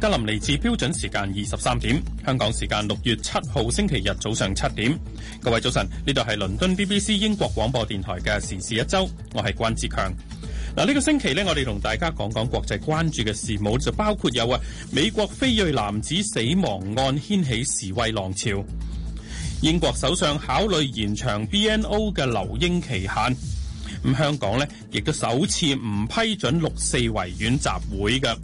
吉林嚟自標準時間二十三點，香港時間六月七號星期日早上七點。各位早晨，呢度係倫敦 BBC 英國廣播電台嘅時事一周，我係關志強。嗱、啊、呢、這個星期呢，我哋同大家講講國際關注嘅事務，冇就包括有啊，美國非裔男子死亡案掀起示威浪潮；英國首相考慮延長 BNO 嘅留英期限；咁、嗯、香港呢，亦都首次唔批准六四維園集會嘅。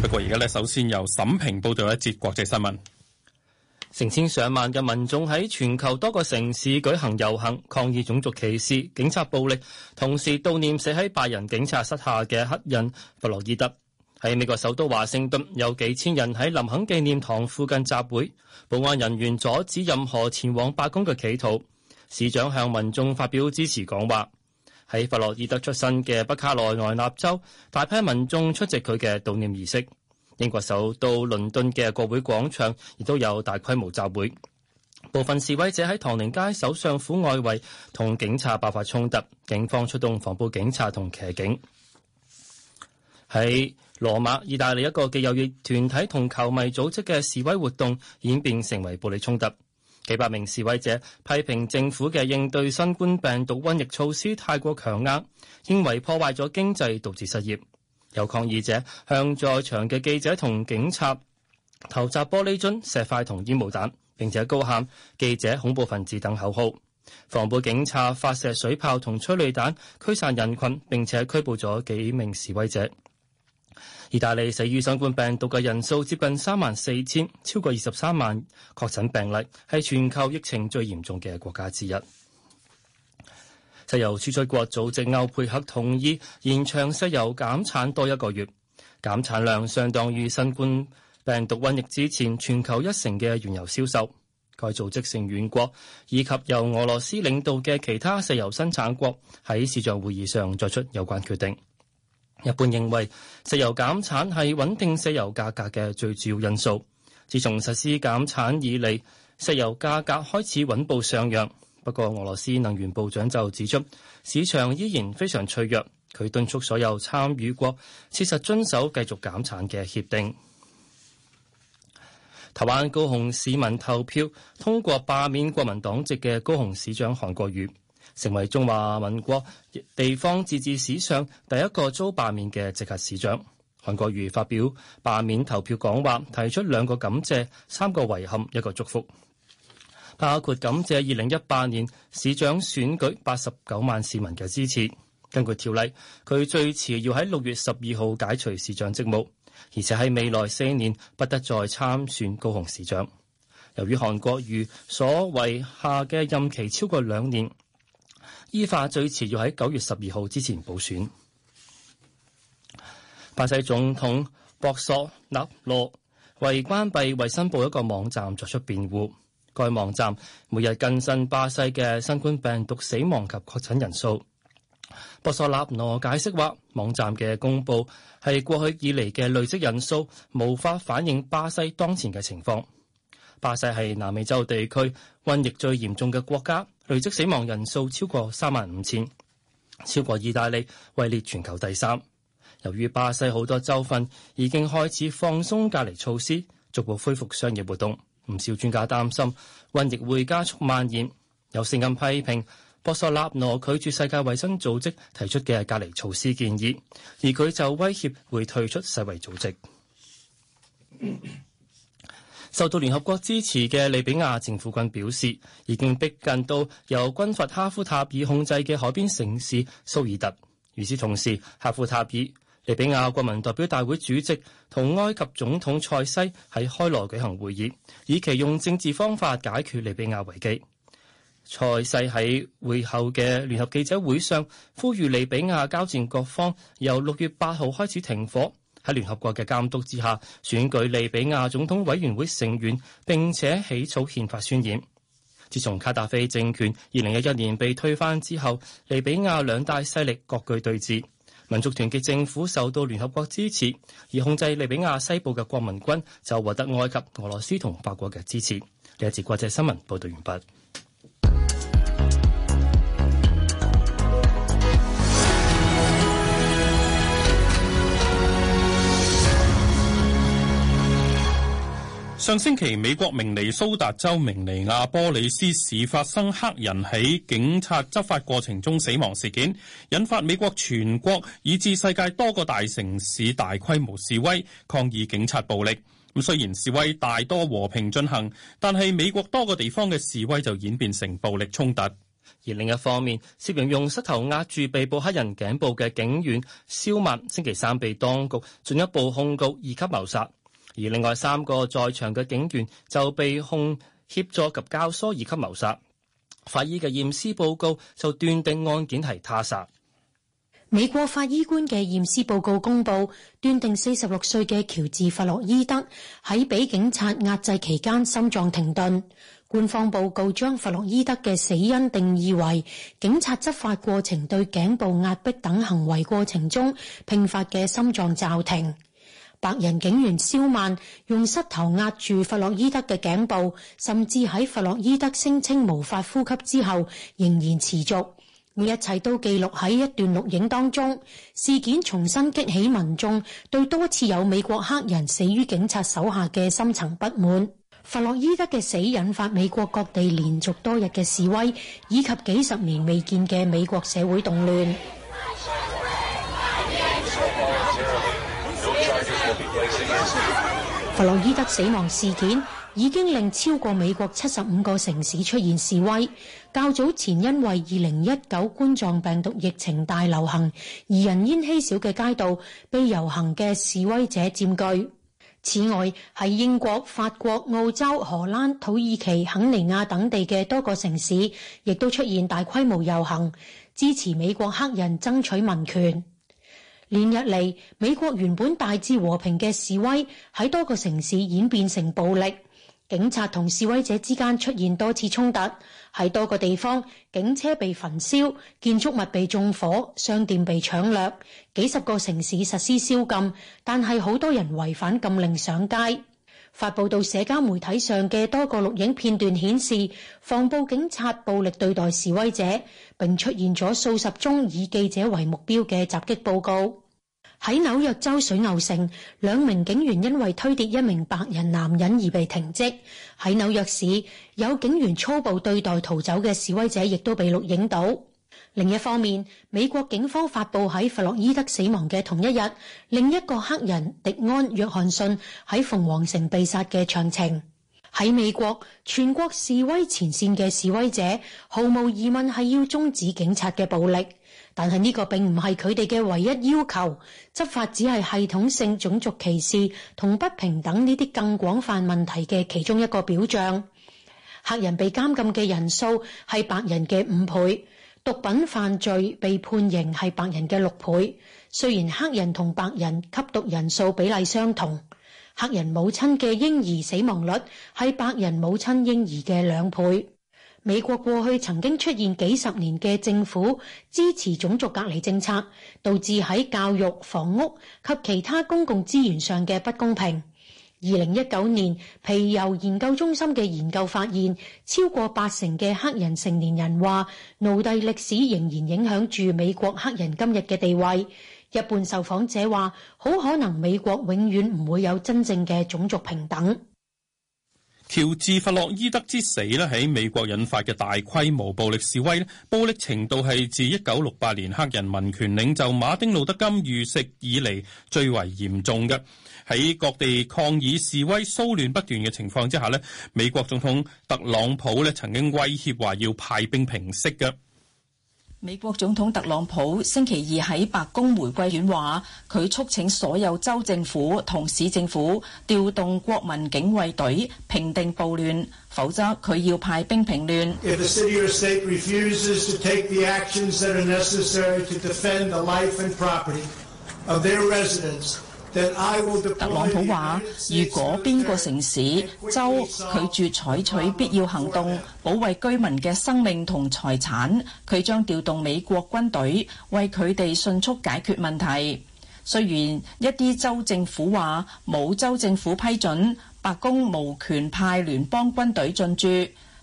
不過而家咧，首先由沈平報道一節國際新聞。成千上萬嘅民眾喺全球多個城市舉行遊行，抗議種族歧視、警察暴力，同時悼念死喺白人警察手下嘅黑人弗洛伊德。喺美國首都華盛頓，有幾千人喺林肯紀念堂附近集會，保安人員阻止任何前往白宮嘅企圖。市長向民眾發表支持講話。喺弗洛伊德出身嘅北卡羅來納州，大批民眾出席佢嘅悼念儀式。英國首都倫敦嘅國會廣場亦都有大規模集會，部分示威者喺唐寧街首相府外圍同警察爆發衝突，警方出動防暴警察同騎警。喺羅馬，意大利一個極右翼團體同球迷組織嘅示威活動演變成為暴力衝突，幾百名示威者批評政府嘅應對新冠病毒瘟疫措施太過強硬，認為破壞咗經濟，導致失業。有抗議者向在場嘅記者同警察投擲玻璃樽、石塊同煙霧彈，並且高喊「記者恐怖分子」等口號。防暴警察發射水炮同催淚彈驅散人群，並且拘捕咗幾名示威者。意大利死於新冠病毒嘅人數接近三萬四千，超過二十三萬確診病例，係全球疫情最嚴重嘅國家之一。石油輸出國組織歐佩克同意延長石油減產多一個月，減產量相當於新冠病毒瘟疫之前全球一成嘅原油銷售。該組織成員國以及由俄羅斯領導嘅其他石油生產國喺視像會議上作出有關決定。一般認為，石油減產係穩定石油價格嘅最主要因素。自從實施減產以嚟，石油價格開始穩步上揚。不過，俄羅斯能源部長就指出，市場依然非常脆弱。佢敦促所有參與國切實遵守繼續減產嘅協定。台灣高雄市民投票通過罷免國民黨籍嘅高雄市長韓國瑜，成為中華民國地方自治史上第一個遭罷免嘅直轄市長。韓國瑜發表罷免投票講話，提出兩個感謝、三個遺憾、一個祝福。包括感謝二零一八年市長選舉八十九萬市民嘅支持。根據條例，佢最遲要喺六月十二號解除市長職務，而且喺未來四年不得再參選高雄市長。由於韓國瑜所遺下嘅任期超過兩年，依法最遲要喺九月十二號之前補選。巴西總統博索納羅為關閉衞生部一個網站作出辯護。該網站每日更新巴西嘅新冠病毒死亡及確診人數。博索納羅解釋話，網站嘅公布係過去以嚟嘅累積人數，無法反映巴西當前嘅情況。巴西係南美洲地區瘟疫最嚴重嘅國家，累積死亡人數超過三萬五千，超過意大利，位列全球第三。由於巴西好多州份已經開始放鬆隔離措施，逐步恢復商業活動。唔少專家擔心，瘟疫會加速蔓延。有聲音批評，博索納羅拒絕世界衞生組織提出嘅隔離措施建議，而佢就威脅會退出世衞組織。咳咳受到聯合國支持嘅利比亞政府軍表示，已經逼近到由軍閥哈夫塔爾控制嘅海邊城市蘇爾特。與此同時，哈夫塔爾，利比亞國民代表大會主席同埃及總統塞西喺開羅舉行會議，以期用政治方法解決利比亞危機。塞西喺會後嘅聯合記者會上呼籲利比亞交戰各方由六月八號開始停火，喺聯合國嘅監督之下選舉利比亞總統委員會成員，並且起草憲法宣言。自從卡達菲政權二零一一年被推翻之後，利比亞兩大勢力各具對峙。民族團結政府受到聯合國支持，而控制利比亞西部嘅國民軍就獲得埃及、俄羅斯同法國嘅支持。呢一節國際新聞報道完畢。上星期，美國明尼蘇達州明尼亞波里斯市發生黑人喺警察執法過程中死亡事件，引發美國全國以至世界多個大城市大規模示威，抗議警察暴力。咁雖然示威大多和平進行，但係美國多個地方嘅示威就演變成暴力衝突。而另一方面，涉嫌用膝頭壓住被捕黑人頸部嘅警員肖曼，星期三被當局進一步控告二級謀殺。而另外三個在場嘅警員就被控協助及教唆二級謀殺。法醫嘅驗屍報告就斷定案件係他殺。美國法醫官嘅驗屍報告公佈，斷定四十六歲嘅喬治弗洛伊德喺畀警察壓制期間心臟停頓。官方報告將弗洛伊德嘅死因定義為警察執法過程對頸部壓迫等行為過程中併發嘅心臟驟停。白人警員蕭曼用膝頭壓住弗洛伊德嘅頸部，甚至喺弗洛伊德聲稱無法呼吸之後，仍然持續。一切都記錄喺一段錄影當中。事件重新激起民眾對多次有美國黑人死於警察手下嘅深層不滿。弗洛伊德嘅死引發美國各地連續多日嘅示威，以及幾十年未見嘅美國社會動亂。弗洛伊德死亡事件已經令超過美國七十五個城市出現示威。較早前因為二零一九冠狀病毒疫情大流行，而人煙稀少嘅街道被遊行嘅示威者佔據。此外，喺英國、法國、澳洲、荷蘭、土耳其、肯尼亞等地嘅多個城市，亦都出現大規模遊行，支持美國黑人爭取民權。連日嚟，美國原本大致和平嘅示威喺多個城市演變成暴力，警察同示威者之間出現多次衝突，喺多個地方警車被焚燒、建築物被縱火、商店被搶掠，幾十個城市實施宵禁，但係好多人違反禁令上街。發布到社交媒體上嘅多個錄影片段顯示，防暴警察暴力對待示威者，並出現咗數十宗以記者為目標嘅襲擊報告。喺紐約州水牛城，兩名警員因為推跌一名白人男人而被停職。喺紐約市，有警員粗暴對待逃走嘅示威者亦都被錄影到。另一方面，美國警方發佈喺弗洛伊德死亡嘅同一日，另一個黑人迪安約翰遜喺鳳凰城被殺嘅詳情。喺美國，全國示威前綫嘅示威者毫無疑問係要終止警察嘅暴力，但係呢個並唔係佢哋嘅唯一要求。執法只係系統性種族歧視同不平等呢啲更廣泛問題嘅其中一個表象。黑人被監禁嘅人數係白人嘅五倍。毒品犯罪被判刑係白人嘅六倍，雖然黑人同白人吸毒人數比例相同，黑人母親嘅嬰兒死亡率係白人母親嬰兒嘅兩倍。美國過去曾經出現幾十年嘅政府支持種族隔離政策，導致喺教育、房屋及其他公共資源上嘅不公平。二零一九年皮尤研究中心嘅研究發現，超過八成嘅黑人成年人話奴隸歷史仍然影響住美國黑人今日嘅地位。一半受訪者話好可能美國永遠唔會有真正嘅種族平等。喬治·弗洛伊德之死咧，喺美國引發嘅大規模暴力示威，暴力程度係自一九六八年黑人民權領袖馬丁·路德·金遇刺以嚟最為嚴重嘅。喺各地抗議示威、騷亂不斷嘅情況之下呢，美國總統特朗普呢，曾經威脅話要派兵平息嘅。美國總統特朗普星期二喺白宮玫瑰園話：佢促請所有州政府同市政府調動國民警衛隊平定暴亂，否則佢要派兵平亂。特朗普話，如果邊個城市州拒絕採取必要行動，保衞居民嘅生命同財產，佢將調動美國軍隊，為佢哋迅速解決問題。雖然一啲州政府話冇州政府批准，白宮無權派聯邦軍隊進駐，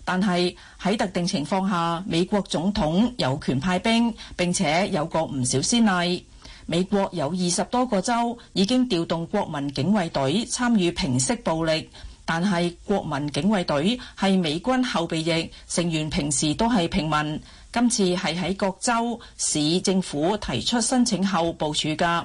但係喺特定情況下，美國總統有權派兵，並且有過唔少先例。美國有二十多個州已經調動國民警衛隊參與平息暴力，但係國民警衛隊係美軍後備役成員，平時都係平民，今次係喺各州市政府提出申請後部署㗎。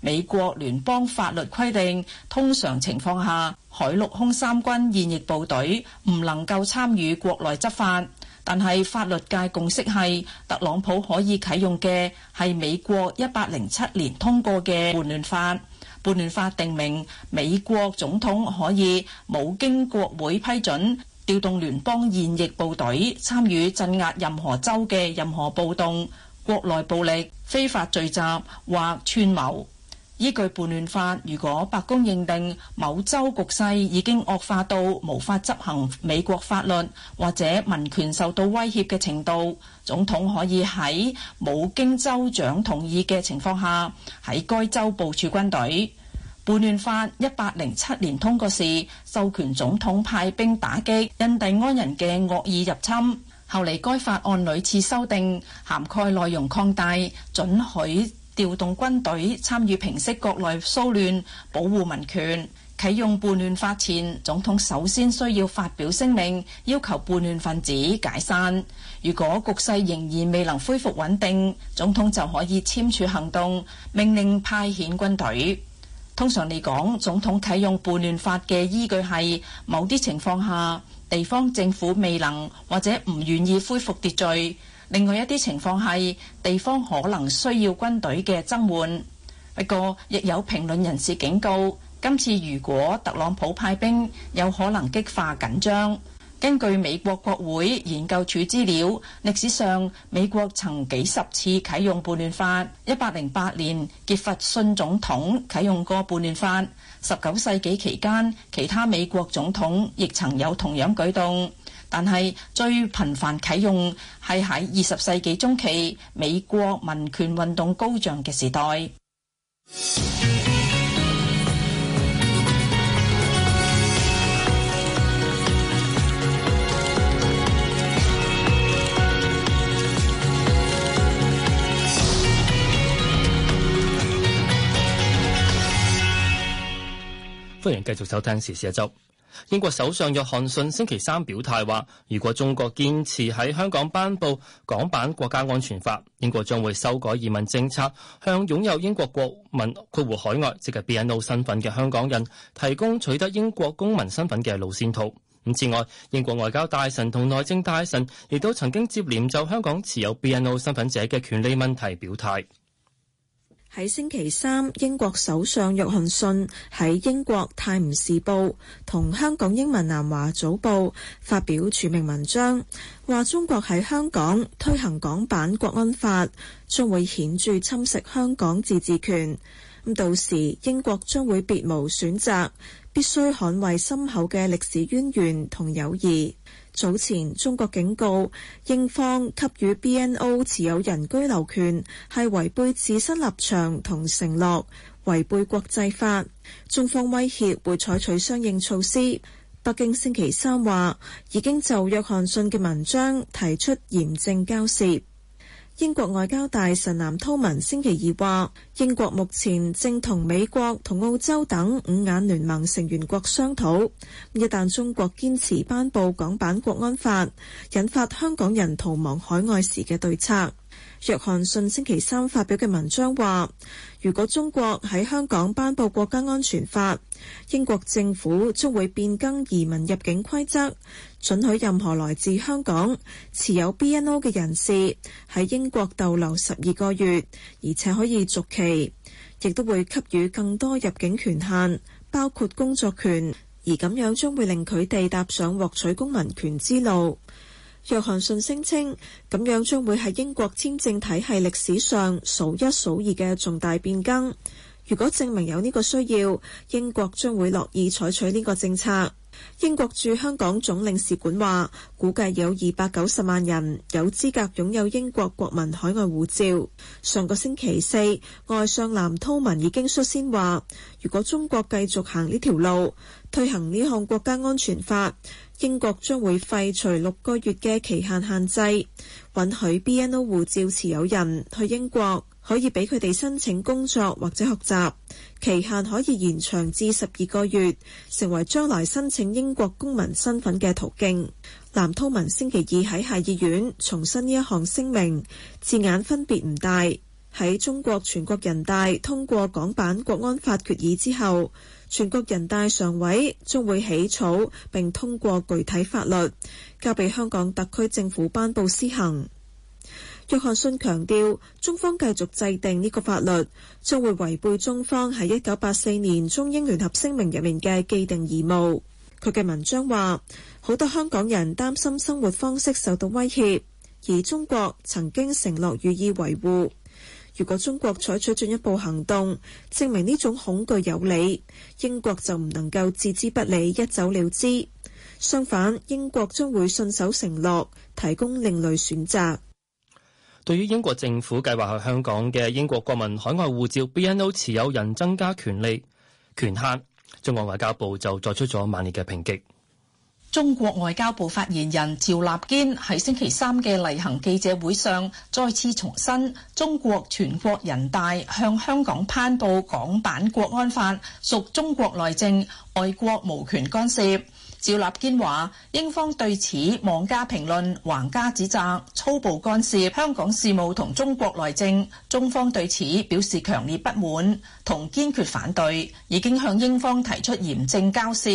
美國聯邦法律規定，通常情況下海陸空三軍現役部隊唔能夠參與國內執法。但係法律界共識係，特朗普可以啟用嘅係美國1807年通過嘅叛亂法。叛亂法定明美國總統可以冇經國會批准，調動聯邦現役部隊參與鎮壓任何州嘅任何暴動、國內暴力、非法聚集或串謀。依據叛亂法，如果白宮認定某州局勢已經惡化到無法執行美國法律，或者民權受到威脅嘅程度，總統可以喺冇經州長同意嘅情況下喺該州部署軍隊。叛亂法一八零七年通過時，授權總統派兵打擊印第安人嘅惡意入侵。後嚟該法案屢次修訂，涵蓋內容擴大，准許調動軍隊參與平息國內騷亂，保護民權。啟用叛亂法前，總統首先需要發表聲明，要求叛亂分子解散。如果局勢仍然未能恢復穩定，總統就可以簽署行動命令，派遣軍隊。通常嚟講，總統啟用叛亂法嘅依據係某啲情況下，地方政府未能或者唔願意恢復秩序。另外一啲情況係地方可能需要軍隊嘅增援，不過亦有評論人士警告，今次如果特朗普派兵，有可能激化緊張。根據美國國會研究處資料，歷史上美國曾幾十次啟用叛亂法，1808年傑弗遜總統啟用過叛亂法，十九世紀期間，其他美國總統亦曾有同樣舉動。但係最頻繁啟用係喺二十世紀中期美國民權運動高漲嘅時代。 歡迎繼續收聽時事一週。英國首相約翰遜星，星期三表態話，如果中國堅持喺香港頒布港版國家安全法，英國將會修改移民政策，向擁有英國國民括弧海外即係 BNO 身份嘅香港人提供取得英國公民身份嘅路線圖。咁此外，英國外交大臣同內政大臣亦都曾經接連就香港持有 BNO 身份者嘅權利問題表態。喺星期三，英國首相約翰遜喺英國《泰晤士報》同香港英文《南華早報》發表署名文章，話中國喺香港推行港版國安法，將會顯著侵蝕香港自治權。咁到時，英國將會別無選擇，必須捍衛深厚嘅歷史淵源同友誼。早前，中國警告英方給予 BNO 持有人居留權係違背自身立場同承諾，違背國際法。中方威脅會採取相應措施。北京星期三話已經就約翰遜嘅文章提出嚴正交涉。英國外交大臣藍韜文星期二話：英國目前正同美國同澳洲等五眼聯盟成員國商討，一旦中國堅持頒布港版國安法，引發香港人逃亡海外時嘅對策。約翰遜星,星期三發表嘅文章話，如果中國喺香港頒布國家安全法，英國政府將會變更移民入境規則，准許任何來自香港持有 BNO 嘅人士喺英國逗留十二個月，而且可以續期，亦都會給予更多入境權限，包括工作權，而咁樣將會令佢哋踏上獲取公民權之路。約翰遜聲稱，咁樣將會係英國簽證體系歷史上數一數二嘅重大變更。如果證明有呢個需要，英國將會樂意採取呢個政策。英國駐香港總領事館話，估計有二百九十萬人有資格擁有英國國民海外護照。上個星期四，外相藍韜文已經率先話，如果中國繼續行呢條路。推行呢項國家安全法，英國將會廢除六個月嘅期限限制，允許 BNO 護照持有人去英國，可以俾佢哋申請工作或者學習，期限可以延長至十二個月，成為將來申請英國公民身份嘅途徑。藍韜文星期二喺下議院重申呢一項聲明，字眼分別唔大。喺中國全國人大通過港版國安法決議之後，全國人大常委將會起草並通過具體法律，交俾香港特區政府頒布施行。約翰遜強調，中方繼續制定呢個法律，將會違背中方喺一九八四年中英聯合聲明入面嘅既定義務。佢嘅文章話，好多香港人擔心生活方式受到威脅，而中國曾經承諾予以維護。如果中國採取進一步行動，證明呢種恐懼有理，英國就唔能夠置之不理，一走了之。相反，英國將會信守承諾，提供另類選擇。對於英國政府計劃向香港嘅英國國民海外護照 BNO 持有人增加權利權限，中國外交部就作出咗猛烈嘅抨擊。中國外交部發言人趙立堅喺星期三嘅例行記者會上再次重申，中國全國人大向香港頒布港版國安法屬中國內政，外國無權干涉。趙立堅話：英方對此妄加評論、橫加指責、粗暴干涉香港事務同中國內政，中方對此表示強烈不滿同堅決反對，已經向英方提出嚴正交涉。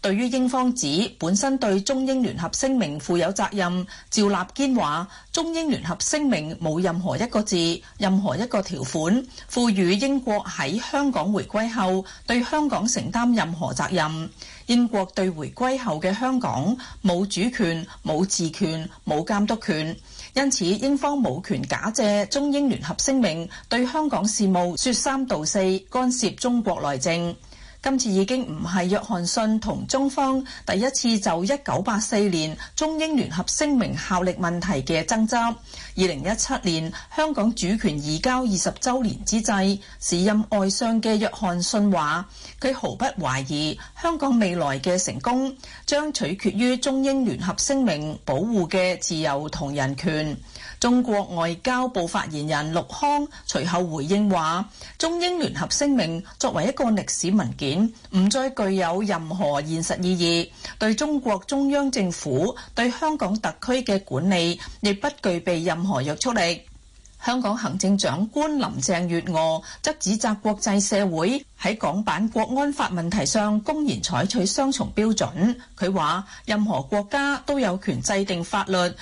對於英方指本身對中英聯合聲明負有責任，趙立堅話：中英聯合聲明冇任何一個字、任何一個條款賦予英國喺香港回歸後對香港承擔任何責任。英國對回歸後嘅香港冇主權、冇治權、冇監督權，因此英方冇權假借中英聯合聲明對香港事務説三道四，干涉中國內政。今次已經唔係約翰遜同中方第一次就一九八四年中英聯合聲明效力問題嘅爭執。二零一七年香港主權移交二十週年之際，時任外相嘅約翰遜話：佢毫不懷疑香港未來嘅成功將取決於中英聯合聲明保護嘅自由同人權。中國外交部發言人陸慷隨後回應話：中英聯合聲明作為一個歷史文件，唔再具有任何現實意義，對中國中央政府、對香港特區嘅管理，亦不具備任何約束力。香港行政長官林鄭月娥則指責國際社會喺港版國安法問題上公然採取雙重標準。佢話任何國家都有權制定法律維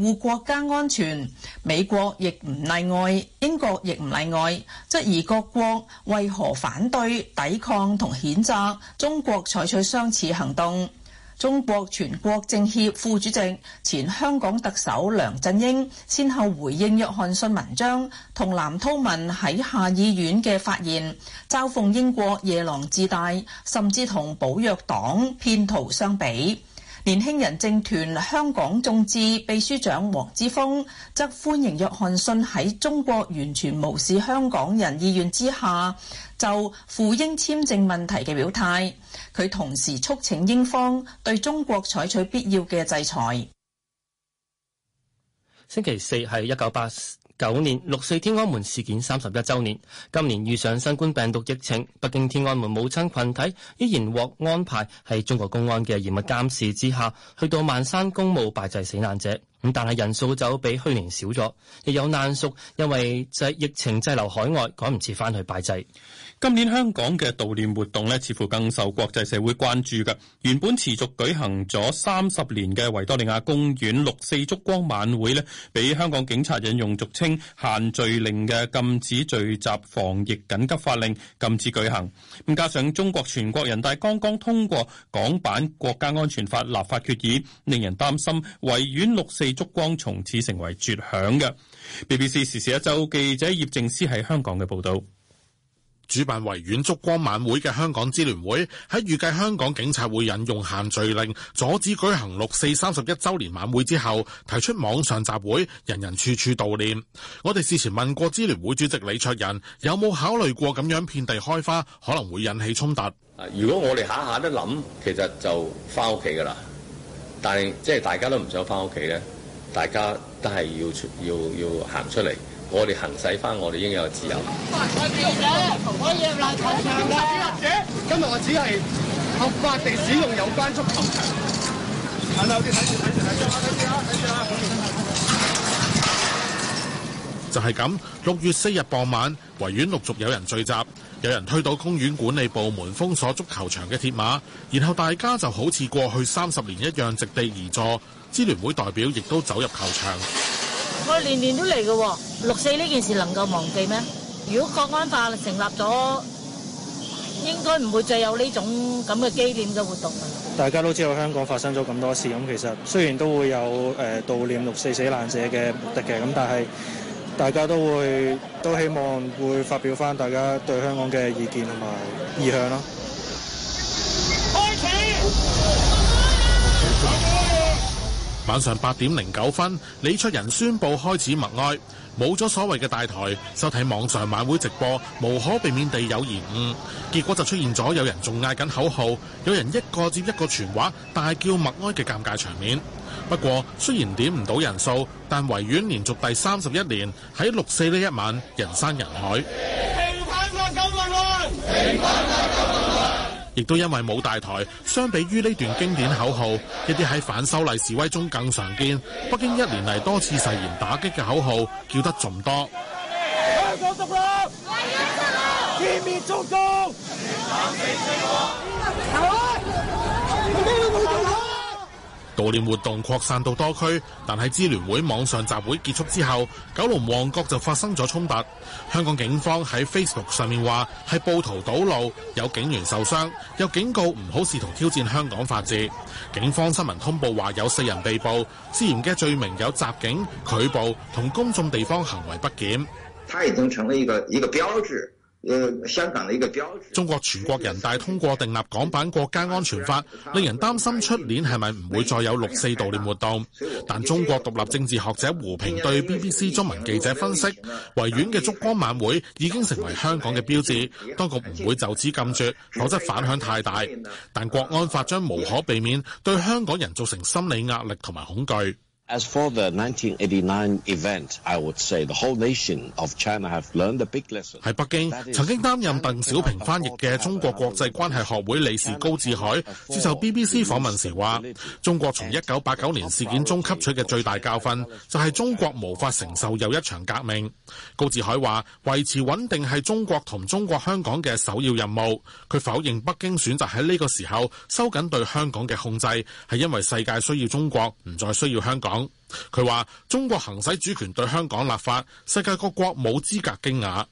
護國家安全，美國亦唔例外，英國亦唔例外，質疑各國為何反對、抵抗同譴責中國採取相似行動。中國全國政協副主席、前香港特首梁振英，先後回應約翰遜文章同藍韜文喺下議院嘅發言，嘲諷英國夜郎自大，甚至同保約黨騙徒相比。年輕人政團香港眾志秘書長黃之鋒則歡迎約翰遜喺中國完全無視香港人意願之下，就赴英簽證問題嘅表態。佢同時促請英方對中國採取必要嘅制裁。星期四係一九八九年六四天安門事件三十一周年，今年遇上新冠病毒疫情，北京天安門母親群體依然獲安排喺中國公安嘅嚴密監視之下，去到萬山公墓拜祭死難者。咁但係人數就比去年少咗，亦有難屬，因為就係疫情滯留海外，趕唔切翻去拜祭。今年香港嘅悼念活動咧，似乎更受國際社會關注噶。原本持續舉行咗三十年嘅維多利亞公園六四燭光晚會咧，俾香港警察引用俗稱限聚令嘅禁止聚集防疫緊急法令禁止舉行。咁加上中國全國人大剛剛通過港版國家安全法立法決議，令人擔心維園六四燭光從此成為絕響嘅。BBC 時事一周記者葉正思喺香港嘅報道，主辦維園燭光晚會嘅香港支聯會喺預計香港警察會引用限聚令阻止舉行六四三十一周年晚會之後，提出網上集會，人人處處悼念。我哋事前問過支聯會主席李卓人有冇考慮過咁樣遍地開花可能會引起衝突？如果我哋下下都諗，其實就返屋企㗎喇。但係即係大家都唔想返屋企咧。大家都係要要要行出嚟。我哋行使翻我哋應有嘅自由。今日我只係合法地使用有關足球場。就係咁。六月四日傍晚，維園陸續有人聚集，有人推倒公園管理部門封鎖足球場嘅鐵馬，然後大家就好似過去三十年一樣，席地而坐。支聯會代表亦都走入球場。我、啊、年年都嚟嘅，六四呢件事能夠忘記咩？如果國安法成立咗，應該唔會再有呢種咁嘅紀念嘅活動。大家都知道香港發生咗咁多事，咁其實雖然都會有誒、呃、悼念六四死難者嘅目的嘅，咁但係大家都會都希望會發表返大家對香港嘅意見同埋意向咯。晚上八點零九分，李卓人宣布開始默哀，冇咗所謂嘅大台，收睇網上晚會直播，無可避免地有延誤。結果就出現咗有人仲嗌緊口號，有人一個接一個傳話，大叫默哀嘅尷尬場面。不過雖然點唔到人數，但維園連續第三十一年喺六四呢一晚人山人海。亦都因為冇大台，相比於呢段經典口號，一啲喺反修例示威中更常見，北京一年嚟多次誓言打擊嘅口號，叫得仲多。悼念活動擴散到多區，但喺支聯會網上集會結束之後，九龍旺角就發生咗衝突。香港警方喺 Facebook 上面話係暴徒堵路，有警員受傷，又警告唔好試圖挑戰香港法治。警方新聞通報話有四人被捕，涉嫌嘅罪名有襲警、拒捕同公眾地方行為不檢。佢已經成為一個、一個標誌。香港的一個標。中國全國人大通過訂立港版國家安全法，令人擔心出年係咪唔會再有六四悼念活動。但中國獨立政治學者胡平對 BBC 中文記者分析，維園嘅燭光晚會已經成為香港嘅標誌，當局唔會就此禁絕，否則反響太大。但國安法將無可避免對香港人造成心理壓力同埋恐懼。As for the 1989 event, I would say the whole nation of China have learned the big lesson. 喺北京，曾經擔任鄧小平翻譯嘅中國國際關係學會理事高志海接受 BBC 訪問時話，中國從1989年事件中吸取嘅最大教訓就係中國無法承受又一場革命。高志海話，維持穩定係中國同中國香港嘅首要任務。佢否認北京選擇喺呢個時候收緊對香港嘅控制，係因為世界需要中國，唔再需要香港。佢話中國行使主權對香港立法，世界各國冇資格驚訝。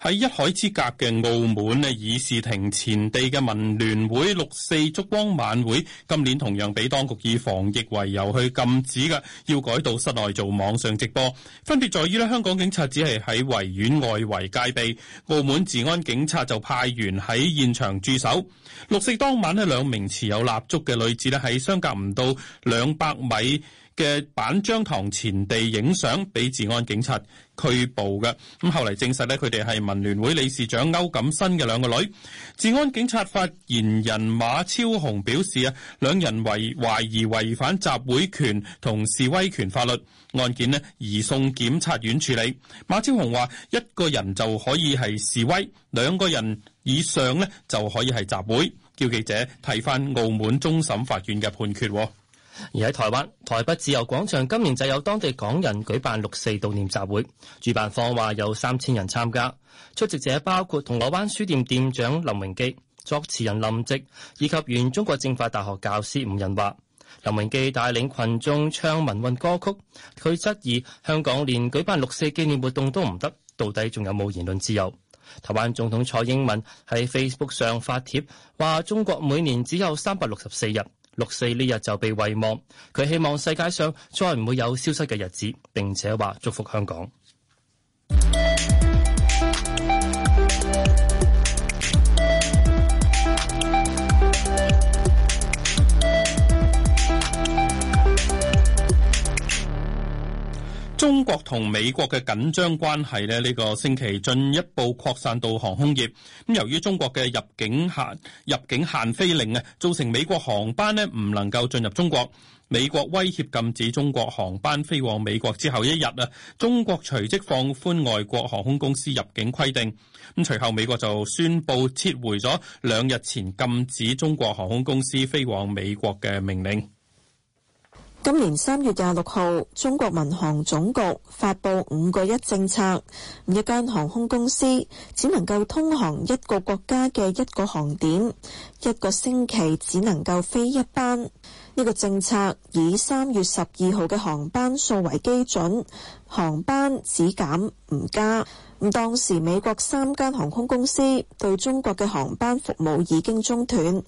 喺一海之隔嘅澳門咧，議事亭前地嘅民聯會六四燭光晚會，今年同樣俾當局以防疫為由去禁止嘅，要改到室內做網上直播。分別在於咧，香港警察只係喺維園外圍戒備，澳門治安警察就派員喺現場駐守。六四當晚咧，兩名持有蠟燭嘅女子咧，喺相隔唔到兩百米，嘅板張堂前地影相，被治安警察拘捕嘅，咁後嚟證實咧，佢哋係民聯會理事長歐錦新嘅兩個女。治安警察發言人馬超雄表示啊，兩人違懷疑違反集會權同示威權法律案件，呢移送檢察院處理。馬超雄話，一個人就可以係示威，兩個人以上呢就可以係集會。叫記者提翻澳門終審法院嘅判決。而喺台灣，台北自由廣場今年就有當地港人舉辦六四悼念集會，主辦方話有三千人參加。出席者包括銅鑼灣書店店長林榮基、作詞人林夕以及原中國政法大學教師吳仁華。林榮基帶領群眾唱民運歌曲，佢質疑香港連舉辦六四紀念活動都唔得，到底仲有冇言論自由？台灣總統蔡英文喺 Facebook 上發帖話：中國每年只有三百六十四日。六四呢日就被遺忘，佢希望世界上再唔會有消失嘅日子，並且話祝福香港。中國同美國嘅緊張關係咧，呢，呢個星期進一步擴散到航空業。咁由於中國嘅入境限入境限飛令啊，造成美國航班咧唔能夠進入中國。美國威脅禁止中國航班飛往美國之後一日啊，中國隨即放寬外國航空公司入境規定。咁隨後美國就宣布撤回咗兩日前禁止中國航空公司飛往美國嘅命令。今年三月廿六號，中國民航總局發布五個一政策，一間航空公司只能夠通航一個國家嘅一個航點，一個星期只能夠飛一班。呢個政策以三月十二號嘅航班數為基準，航班只減唔加。咁當時美國三間航空公司對中國嘅航班服務已經中斷。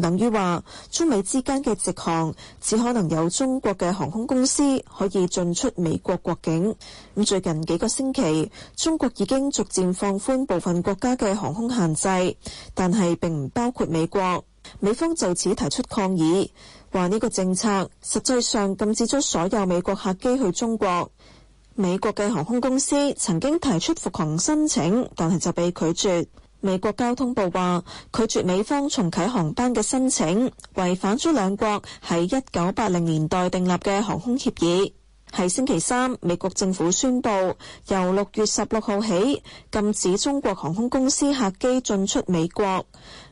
等於話，中美之間嘅直航只可能有中國嘅航空公司可以進出美國國境。咁最近幾個星期，中國已經逐漸放寬部分國家嘅航空限制，但係並唔包括美國。美方就此提出抗議，話呢個政策實際上禁止咗所有美國客機去中國。美國嘅航空公司曾經提出復航申請，但係就被拒絕。美國交通部話拒絕美方重啟航班嘅申請，違反咗兩國喺一九八零年代訂立嘅航空協議。喺星期三，美國政府宣佈由六月十六號起禁止中國航空公司客機進出美國。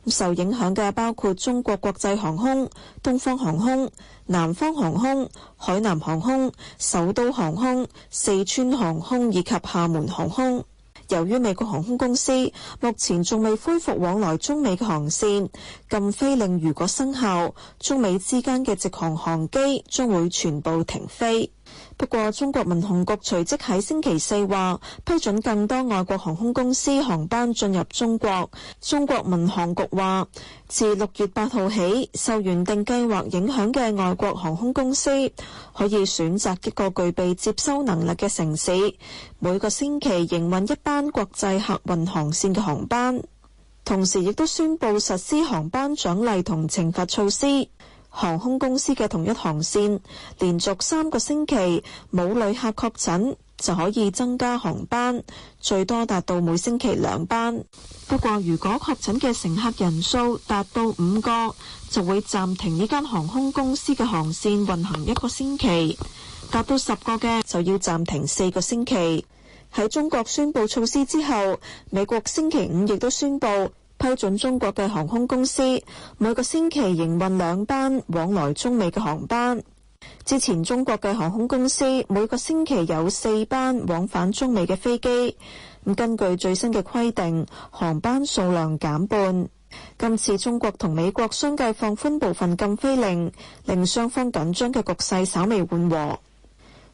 受影響嘅包括中國國際航空、東方航空、南方航空、海南航空、首都航空、四川航空以及廈門航空。由於美國航空公司目前仲未恢復往來中美嘅航線，禁飛令如果生效，中美之間嘅直航航機將會全部停飛。不過，中國民航局隨即喺星期四話批准更多外國航空公司航班進入中國。中國民航局話，自六月八號起，受原定計劃影響嘅外國航空公司可以選擇一個具備接收能力嘅城市，每個星期營運一班國際客運航線嘅航班。同時，亦都宣布實施航班獎勵同懲罰措施。航空公司嘅同一航線連續三個星期冇旅客確診，就可以增加航班，最多達到每星期兩班。不過如果確診嘅乘客人數達到五個，就會暫停呢間航空公司嘅航線運行一個星期；達到十個嘅，就要暫停四個星期。喺中國宣布措施之後，美國星期五亦都宣布。批准中國嘅航空公司每個星期營運兩班往來中美嘅航班。之前中國嘅航空公司每個星期有四班往返中美嘅飛機。咁根據最新嘅規定，航班數量減半。今次中國同美國相繼放寬部分禁飛令，令雙方緊張嘅局勢稍微緩和。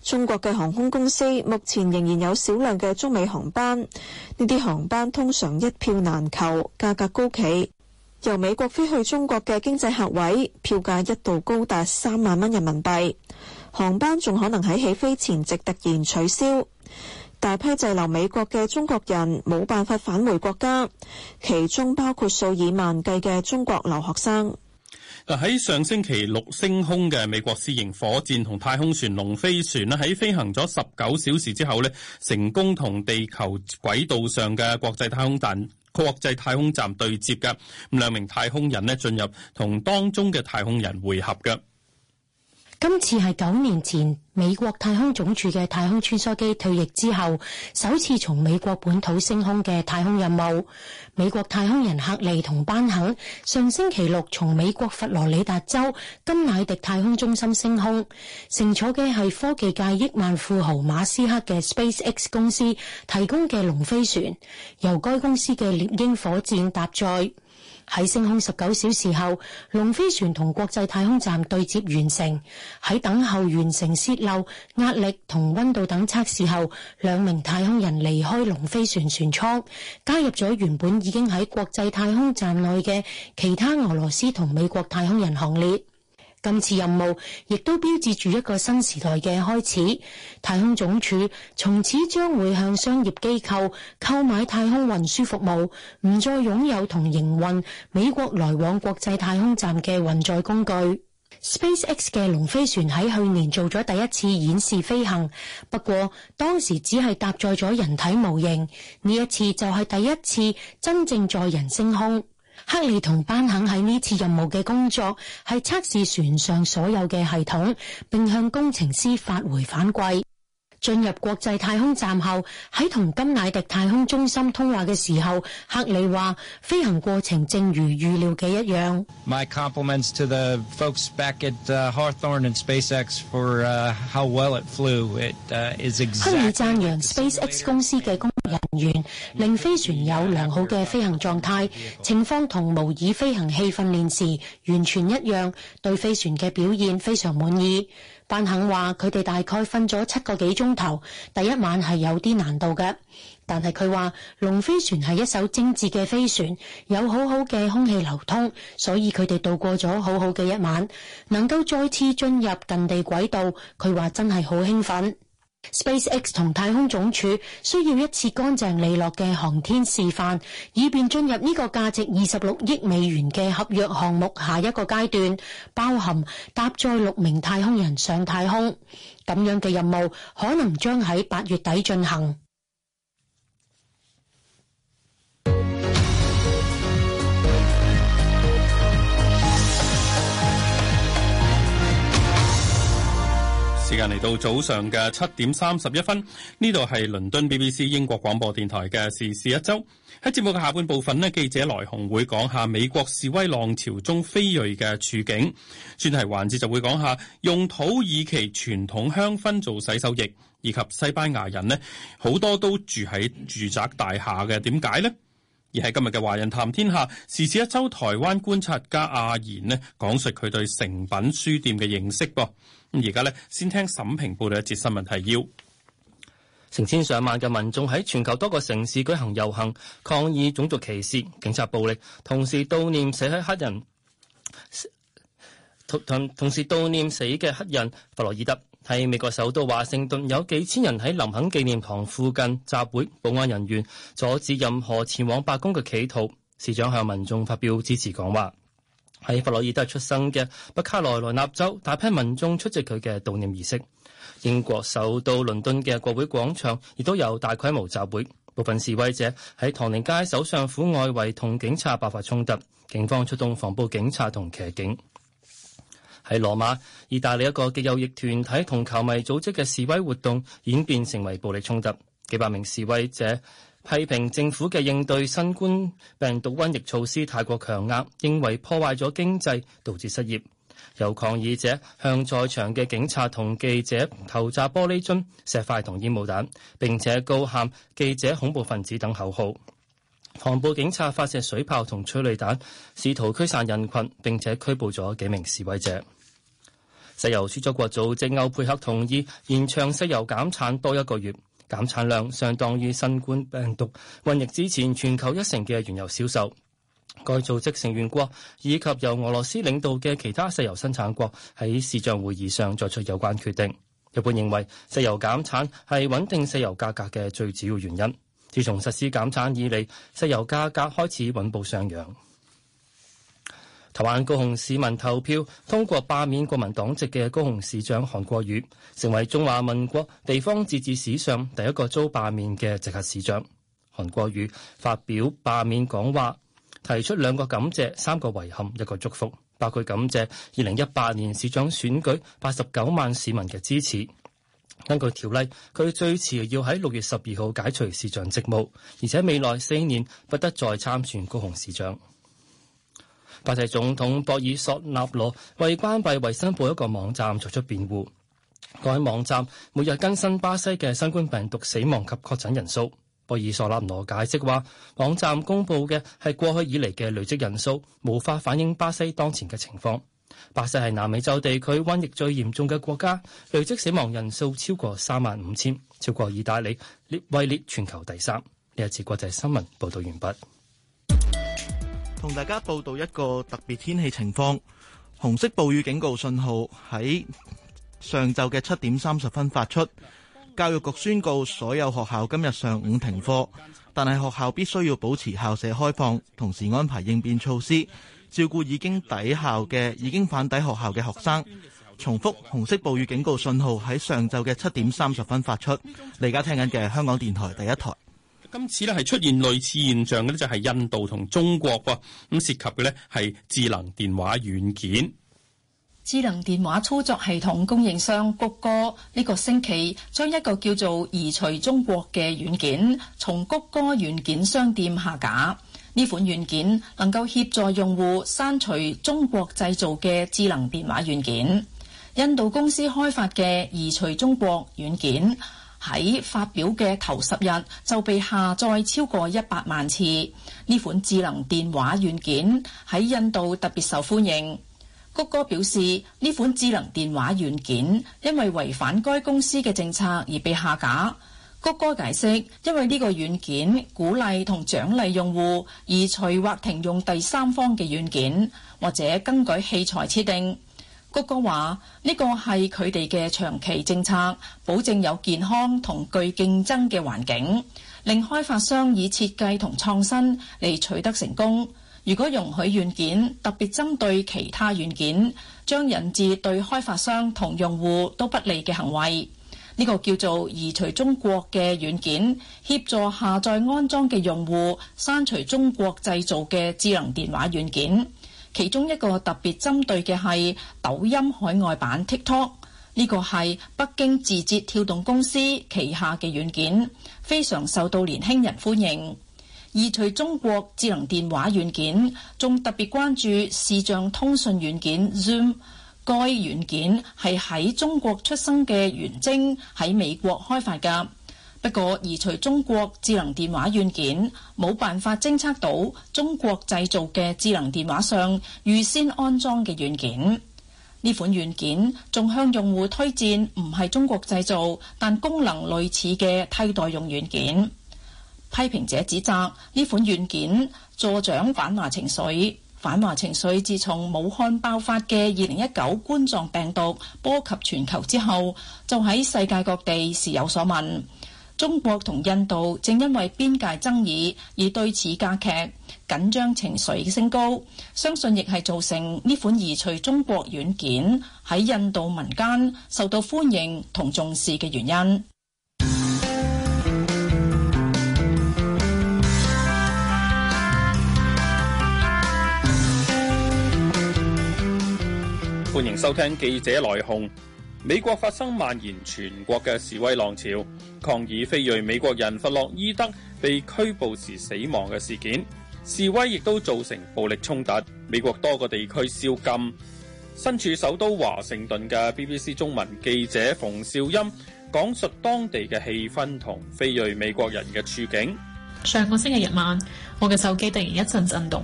中國嘅航空公司目前仍然有少量嘅中美航班，呢啲航班通常一票難求，價格高企。由美國飛去中國嘅經濟客位票價一度高達三萬蚊人民幣，航班仲可能喺起飛前夕突然取消。大批滯留美國嘅中國人冇辦法返回國家，其中包括數以萬計嘅中國留學生。嗱，喺上星期六，升空嘅美國私營火箭同太空船龍飛船咧，喺飛行咗十九小時之後咧，成功同地球軌道上嘅國際太空站國際太空站對接嘅，咁兩名太空人咧進入同當中嘅太空人會合嘅。今次係九年前美國太空總署嘅太空穿梭機退役之後，首次從美國本土升空嘅太空任務。美國太空人克利同班肯上星期六從美國佛羅里達州甘乃迪太空中心升空，乘坐嘅係科技界億萬富豪馬斯克嘅 SpaceX 公司提供嘅龍飛船，由該公司嘅獵鷹火箭搭載。喺升空十九小時後，龍飛船同國際太空站對接完成。喺等候完成泄漏、壓力同溫度等測試後，兩名太空人離開龍飛船船艙，加入咗原本已經喺國際太空站內嘅其他俄羅斯同美國太空人行列。今次任務亦都標誌住一個新時代嘅開始。太空總署從此將會向商業機構購買太空運輸服務，唔再擁有同營運美國來往國際太空站嘅運載工具。SpaceX 嘅龍飛船喺去年做咗第一次演示飛行，不過當時只係搭載咗人體模型。呢一次就係第一次真正載人升空。克里同班肯喺呢次任務嘅工作係測試船上所有嘅系統，並向工程師發回反饋。進入國際太空站後，喺同金乃迪太空中心通話嘅時候，克里話飛行過程正如預料嘅一樣。My compliments to the folks back at, uh, Hawthorne and SpaceX for, uh, how well it flew. It, uh, is exactly... 克里讚揚 SpaceX 公司嘅工。完令飛船有良好嘅飛行狀態，情況同模擬飛行器訓練時完全一樣，對飛船嘅表現非常滿意。班肯話佢哋大概瞓咗七個幾鐘頭，第一晚係有啲難度嘅，但係佢話龍飛船係一艘精緻嘅飛船，有好好嘅空氣流通，所以佢哋度過咗好好嘅一晚，能夠再次進入近地軌道，佢話真係好興奮。SpaceX 同太空總署需要一次乾淨利落嘅航天示範，以便進入呢個價值二十六億美元嘅合約項目。下一個階段，包含搭載六名太空人上太空。咁樣嘅任務可能將喺八月底進行。人嚟到早上嘅七點三十一分，呢度係倫敦 BBC 英國廣播電台嘅時事一周。喺節目嘅下半部分咧，記者來鴻會講下美國示威浪潮中非裔嘅處境。專題環節就會講下用土耳其傳統香薰做洗手液，以及西班牙人咧好多都住喺住宅大廈嘅，點解咧？而喺今日嘅華人談天下時事一周，台灣觀察家阿賢咧講述佢對誠品書店嘅認識噃。咁而家呢，先聽沈平報道一節新聞提要。成千上萬嘅民眾喺全球多個城市舉行遊行，抗議種族歧視、警察暴力，同時悼念死喺黑人同同同時悼念死嘅黑人弗洛伊德。喺美國首都華盛頓，有幾千人喺林肯紀念堂附近集會，保安人員阻止任何前往白宮嘅企圖。市長向民眾發表支持講話。喺佛洛伊德出生嘅北卡羅來納州，大批民衆出席佢嘅悼念儀式。英國首都倫敦嘅國會廣場亦都有大規模集會，部分示威者喺唐寧街首相府外圍同警察爆發衝突，警方出動防暴警察同騎警。喺羅馬，意大利一個極右翼團體同球迷組織嘅示威活動演變成為暴力衝突，幾百名示威者，批評政府嘅應對新冠病毒瘟疫措施太過強硬，認為破壞咗經濟，導致失業。有抗議者向在場嘅警察同記者投擲玻璃樽、石塊同煙霧彈，並且高喊「記者恐怖分子」等口號。防暴警察發射水炮同催淚彈，試圖驅散人群，並且拘捕咗幾名示威者。石油輸出國組織歐佩克同意延長石油減產多一個月。減產量相當於新冠病毒瘟疫之前全球一成嘅原油銷售。該組織成員國以及由俄羅斯領導嘅其他石油生產國喺視像會議上作出有關決定。日本認為石油減產係穩定石油價格嘅最主要原因。自從實施減產以嚟，石油價格開始穩步上揚。台灣高雄市民投票通過罷免國民黨籍嘅高雄市長韓國瑜，成為中華民國地方自治史上第一個遭罷免嘅直轄市長。韓國瑜發表罷免講話，提出兩個感謝、三個遺憾、一個祝福，包括感謝二零一八年市長選舉八十九萬市民嘅支持。根據條例，佢最遲要喺六月十二號解除市長職務，而且未來四年不得再參選高雄市長。巴西總統博爾索納羅為關閉衞生部一個網站作出辯護。該網站每日更新巴西嘅新冠病毒死亡及確診人數。博爾索納羅解釋話，網站公佈嘅係過去以嚟嘅累積人數，無法反映巴西當前嘅情況。巴西係南美洲地區瘟疫最嚴重嘅國家，累積死亡人數超過三萬五千，超過意大利，位列全球第三。呢一次國際新聞報道完畢。同大家報道一個特別天氣情況，紅色暴雨警告信號喺上晝嘅七點三十分發出。教育局宣告，所有學校今日上午停課，但係學校必須要保持校舍開放，同時安排應變措施，照顧已經抵校嘅已經返抵學校嘅學生。重複，紅色暴雨警告信號喺上晝嘅七點三十分發出。你而家聽緊嘅香港電台第一台。今次咧係出現類似現象嘅呢，就係印度同中國噃，咁涉及嘅呢係智能電話軟件。智能電話操作系統供應商谷歌呢個星期將一個叫做移除中國嘅軟件從谷歌軟件商店下架。呢款軟件能夠協助用戶刪除中國製造嘅智能電話軟件。印度公司開發嘅移除中國軟件喺發表嘅頭十日就被下載超過一百萬次，呢款智能電話軟件喺印度特別受歡迎。谷歌表示，呢款智能電話軟件因為違反該公司嘅政策而被下架。谷歌解釋，因為呢個軟件鼓勵同獎勵用戶移除或停用第三方嘅軟件，或者更改器材設定。谷歌話：呢個係佢哋嘅長期政策，保證有健康同具競爭嘅環境，令開發商以設計同創新嚟取得成功。如果容許軟件特別針對其他軟件，將引致對開發商同用戶都不利嘅行為。呢個叫做移除中國嘅軟件，協助下載安裝嘅用戶刪除中國製造嘅智能電話軟件。其中一個特別針對嘅係抖音海外版 TikTok，呢個係北京字節跳動公司旗下嘅軟件，非常受到年輕人歡迎。而除中國智能電話軟件，仲特別關注視像通訊軟件 Zoom。該軟件係喺中國出生嘅袁征喺美國開發噶。不過，移除中國智能電話軟件冇辦法偵測到中國製造嘅智能電話上預先安裝嘅軟件。呢款軟件仲向用戶推薦唔係中國製造但功能類似嘅替代用軟件。批評者指責呢款軟件助長反華情緒。反華情緒自從武漢爆發嘅二零一九冠狀病毒波及全球之後，就喺世界各地時有所聞。中國同印度正因為邊界爭議而對此加劇緊張情緒嘅升高，相信亦係造成呢款移除中國軟件喺印度民間受到歡迎同重視嘅原因。歡迎收聽記者來鴻。美國發生蔓延全國嘅示威浪潮，抗議非裔美國人弗洛伊德被拘捕時死亡嘅事件。示威亦都造成暴力衝突，美國多個地區宵禁。身處首都華盛頓嘅 BBC 中文記者馮兆音講述當地嘅氣氛同非裔美國人嘅處境。上個星期日晚，我嘅手機突然一陣震動，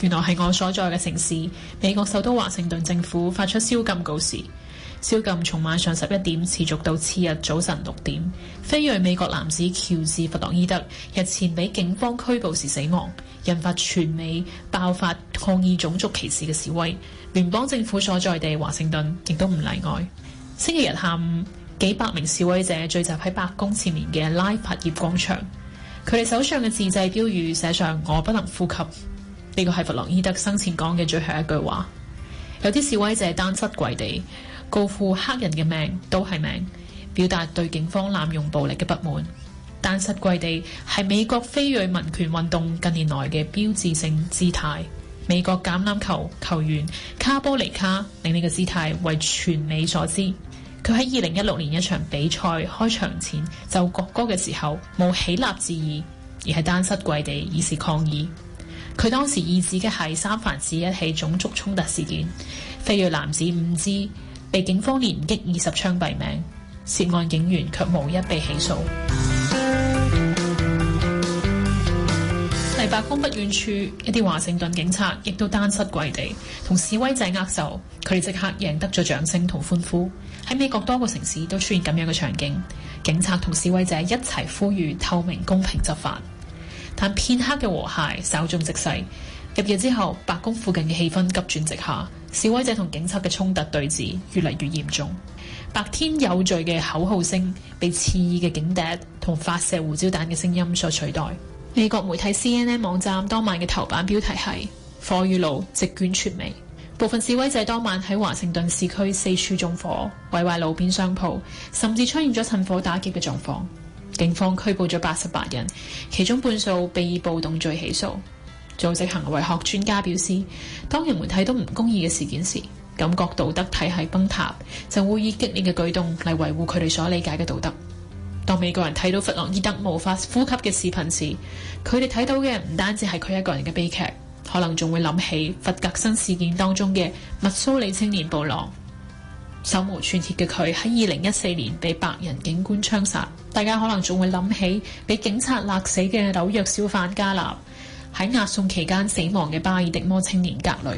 原來係我所在嘅城市，美國首都華盛頓政府發出宵禁告示。宵禁從晚上十一點持續到次日早晨六點。非裔美國男子喬治弗洛伊德日前被警方拘捕時死亡，引發全美爆發抗議種族歧視嘅示威。聯邦政府所在地華盛頓亦都唔例外。星期日下午，幾百名示威者聚集喺白宮前面嘅拉法葉廣場，佢哋手上嘅自製標語寫上“我不能呼吸”，呢個係弗洛伊德生前講嘅最後一句話。有啲示威者單膝跪地。告富黑人嘅命都係命，表達對警方濫用暴力嘅不滿。單膝跪地係美國非裔民權運動近年來嘅標誌性姿態。美國橄欖球球員卡波尼卡令呢個姿態為全美所知。佢喺二零一六年一場比賽開場前就國歌嘅時候冇起立致意，而係單膝跪地以示抗議。佢當時意指嘅係三藩市一起種族衝突事件，非裔男子唔知，被警方連擊二十槍斃命，涉案警員卻無一被起訴。喺白宮不遠處，一啲華盛頓警察亦都單膝跪地，同示威者握手。佢哋即刻贏得咗掌聲同歡呼。喺美國多個城市都出現咁樣嘅場景，警察同示威者一齊呼籲透明公平執法。但片刻嘅和諧稍縱即逝。十日之後，白宮附近嘅氣氛急轉直下，示威者同警察嘅衝突對峙越嚟越嚴重。白天有序嘅口號聲，被刺耳嘅警笛同發射胡椒彈嘅聲音所取代。美國媒體 CNN 網站當晚嘅頭版標題係火與路席捲全美。部分示威者當晚喺華盛頓市區四處縱火，毀壞路邊商鋪，甚至出現咗趁火打劫嘅狀況。警方拘捕咗八十八人，其中半數被以暴動罪起訴。組織行為學專家表示，當人們睇到唔公義嘅事件時，感覺道德體系崩塌，就會以激烈嘅舉動嚟維護佢哋所理解嘅道德。當美國人睇到弗洛伊德無法呼吸嘅視頻時，佢哋睇到嘅唔單止係佢一個人嘅悲劇，可能仲會諗起弗格森事件當中嘅密蘇里青年布朗，手無寸鐵嘅佢喺二零一四年被白人警官槍殺。大家可能仲會諗起被警察勒死嘅紐約小販加納。喺押送期間死亡嘅巴爾的摩青年格雷，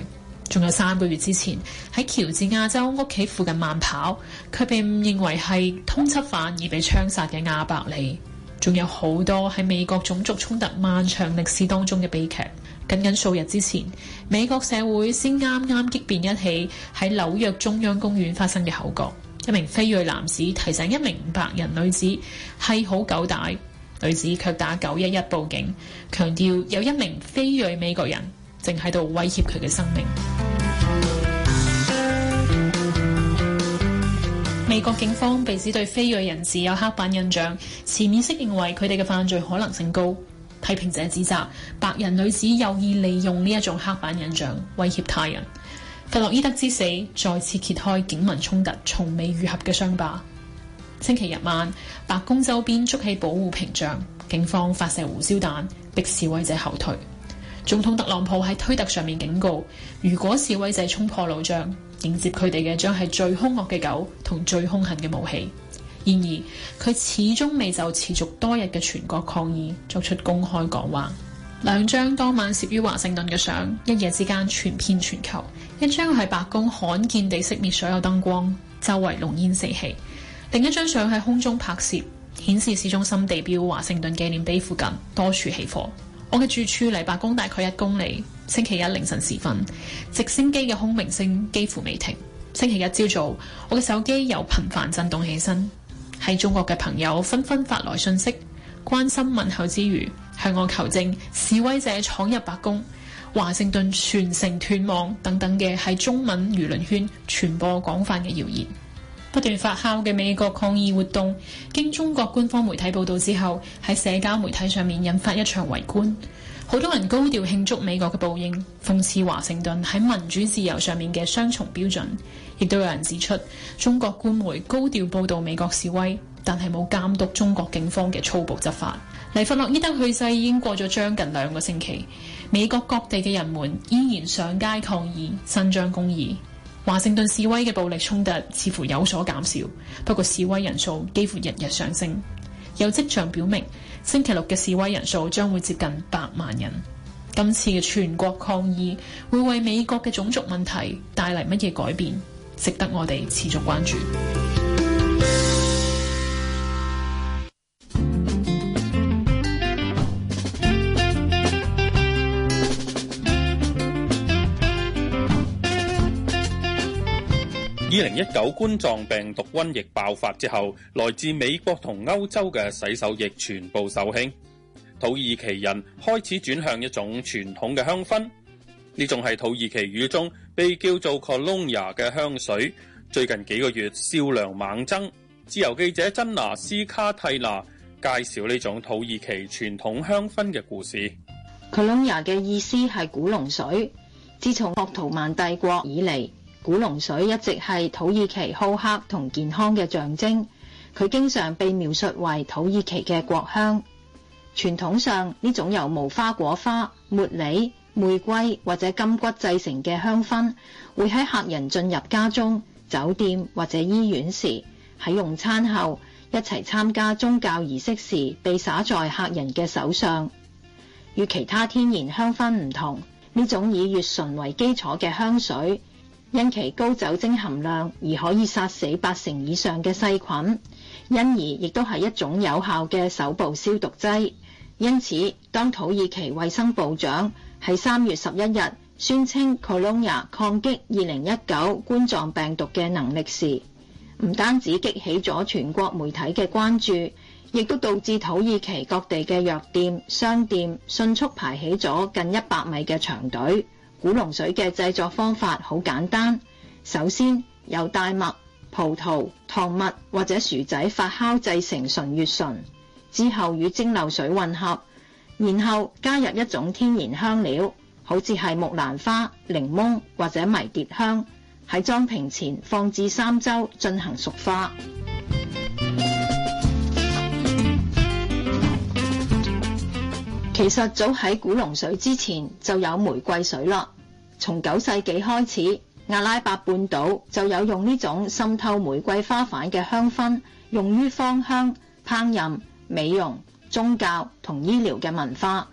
仲有三個月之前喺喬治亞州屋企附近慢跑，佢被誤認為係通緝犯而被槍殺嘅亞伯里，仲有好多喺美國種族衝突漫長歷史當中嘅悲劇。僅僅數日之前，美國社會先啱啱激變一起喺紐約中央公園發生嘅口角，一名非裔男子提醒一名白人女子繫好狗帶。女子卻打九一一報警，強調有一名非裔美國人正喺度威脅佢嘅生命。美國警方被指對非裔人士有刻板印象，潛意識認為佢哋嘅犯罪可能性高。批評者指責白人女子有意利用呢一種刻板印象威脅他人。弗洛伊德之死再次揭開警民衝突從未愈合嘅傷疤。星期日晚，白宮周邊築起保護屏障，警方發射胡椒彈，逼示威者後退。總統特朗普喺推特上面警告，如果示威者衝破路障，迎接佢哋嘅將係最兇惡嘅狗同最兇狠嘅武器。然而，佢始終未就持續多日嘅全國抗議作出公開講話。兩張當晚攝於華盛頓嘅相，一夜之間傳遍全球。一張係白宮罕見地熄滅所有燈光，周圍濃煙四起。另一張相喺空中拍攝，顯示市中心地標華盛頓紀念碑附近多處起火。我嘅住處離白宮大概一公里。星期一凌晨時分，直升機嘅轟鳴聲幾乎未停。星期一朝早，我嘅手機又頻繁震動起身，喺中國嘅朋友紛紛發來信息，關心問候之餘，向我求證示威者闖入白宮、華盛頓全城斷網等等嘅喺中文輿論圈傳播廣泛嘅謠言。不斷發酵嘅美國抗議活動，經中國官方媒體報導之後，喺社交媒體上面引發一場圍觀。好多人高調慶祝美國嘅報應，諷刺華盛頓喺民主自由上面嘅雙重標準。亦都有人指出，中國官媒高調報導美國示威，但係冇監督中國警方嘅粗暴執法。黎弗洛伊德去世已經過咗將近兩個星期，美國各地嘅人們依然上街抗議，伸張公義。華盛頓示威嘅暴力衝突似乎有所減少，不過示威人數幾乎日日上升。有跡象表明，星期六嘅示威人數將會接近百萬人。今次嘅全國抗議會為美國嘅種族問題帶嚟乜嘢改變？值得我哋持續關注。二零一九冠狀病毒瘟疫爆發之後，來自美國同歐洲嘅洗手液全部售罄。土耳其人開始轉向一種傳統嘅香薰，呢種係土耳其語中被叫做 colonia 嘅香水，最近幾個月銷量猛增。自由記者珍娜斯卡蒂娜介紹呢種土耳其傳統香薰嘅故事。colonia 嘅意思係古龍水，自從奧圖曼帝國以嚟。古龍水一直係土耳其好客同健康嘅象徵，佢經常被描述為土耳其嘅國香。傳統上，呢種由無花果花、茉莉、玫瑰或者金橘製成嘅香薰，會喺客人進入家中、酒店或者醫院時，喺用餐後一齊參加宗教儀式時，被灑在客人嘅手上。與其他天然香薰唔同，呢種以乙醇為基礎嘅香水。因其高酒精含量而可以殺死八成以上嘅細菌，因而亦都係一種有效嘅手部消毒劑。因此，當土耳其衞生部長喺三月十一日宣稱 Kolonya 抗擊二零一九冠狀病毒嘅能力時，唔單止激起咗全國媒體嘅關注，亦都導致土耳其各地嘅藥店、商店迅速排起咗近一百米嘅長隊。古龍水嘅製作方法好簡單，首先由大麥、葡萄、糖蜜或者薯仔發酵製成純乙醇，之後與蒸餾水混合，然後加入一種天然香料，好似係木蘭花、檸檬或者迷迭香，喺裝瓶前放置三周進行熟化。其實早喺古龍水之前就有玫瑰水啦。從九世紀開始，阿拉伯半島就有用呢種滲透玫瑰花瓣嘅香氛，用於芳香、烹飪、美容、宗教同醫療嘅文化。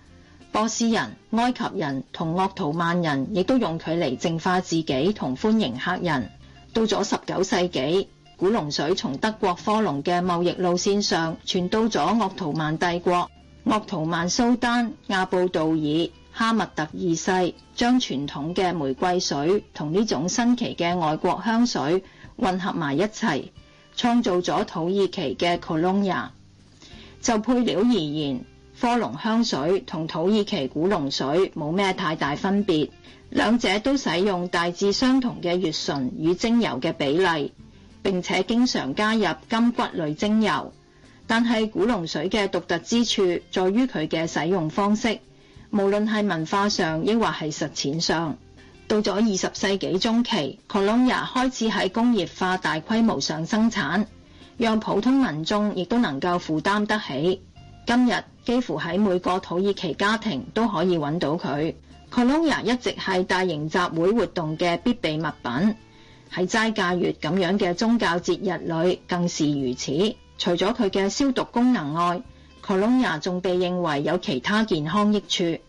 波斯人、埃及人同鄂圖曼人亦都用佢嚟淨化自己同歡迎客人。到咗十九世紀，古龍水從德國科隆嘅貿易路線上傳到咗鄂圖曼帝國。鄂圖曼蘇丹亞布杜爾哈密特二世將傳統嘅玫瑰水同呢種新奇嘅外國香水混合埋一齊，創造咗土耳其嘅 Colonia。就配料而言，科隆香水同土耳其古龍水冇咩太大分別，兩者都使用大致相同嘅乙醇與精油嘅比例，並且經常加入金骨類精油。但係古龍水嘅獨特之處，在於佢嘅使用方式，無論係文化上，抑或係實踐上。到咗二十世紀中期，Kolonya 開始喺工業化大規模上生產，讓普通民眾亦都能夠負擔得起。今日幾乎喺每個土耳其家庭都可以揾到佢。Kolonya 一直係大型集會活動嘅必備物品，喺齋戒月咁樣嘅宗教節日裏，更是如此。除咗佢嘅消毒功能外，克隆牙仲被認為有其他健康益處。據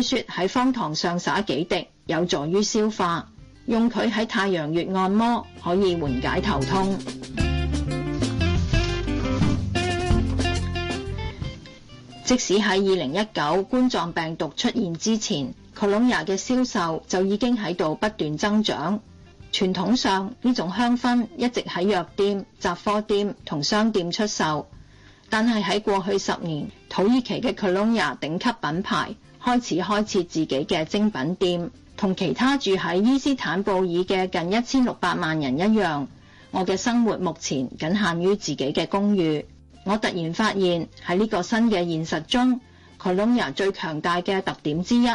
說喺方糖上灑幾滴有助於消化，用佢喺太陽穴按摩可以緩解頭痛。 即使喺二零一九冠狀病毒出現之前，克隆牙嘅銷售就已經喺度不斷增長。傳統上，呢種香薰一直喺藥店、雜貨店同商店出售，但係喺過去十年，土耳其嘅 Kolonya 頂級品牌開始開設自己嘅精品店。同其他住喺伊斯坦布爾嘅近一千六百萬人一樣，我嘅生活目前僅限於自己嘅公寓。我突然發現，喺呢個新嘅現實中，Kolonya 最強大嘅特點之一，